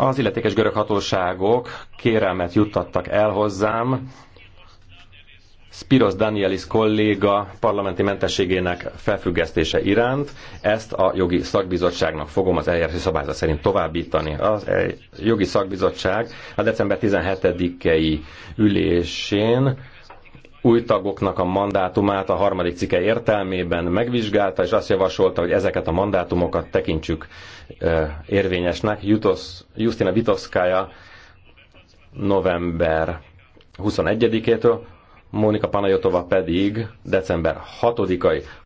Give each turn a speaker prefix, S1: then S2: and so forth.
S1: Az illetékes görög hatóságok kérelmet juttattak el hozzám, Spiros Danielis kolléga parlamenti mentességének felfüggesztése iránt. Ezt a jogi szakbizottságnak fogom az eljárási szabályzat szerint továbbítani. A e- jogi szakbizottság a december 17-i ülésén új tagoknak a mandátumát a harmadik cikke értelmében megvizsgálta, és azt javasolta, hogy ezeket a mandátumokat tekintsük érvényesnek. Justina Vitovskaya november 21-től, Mónika Panajotova pedig december
S2: 6-ai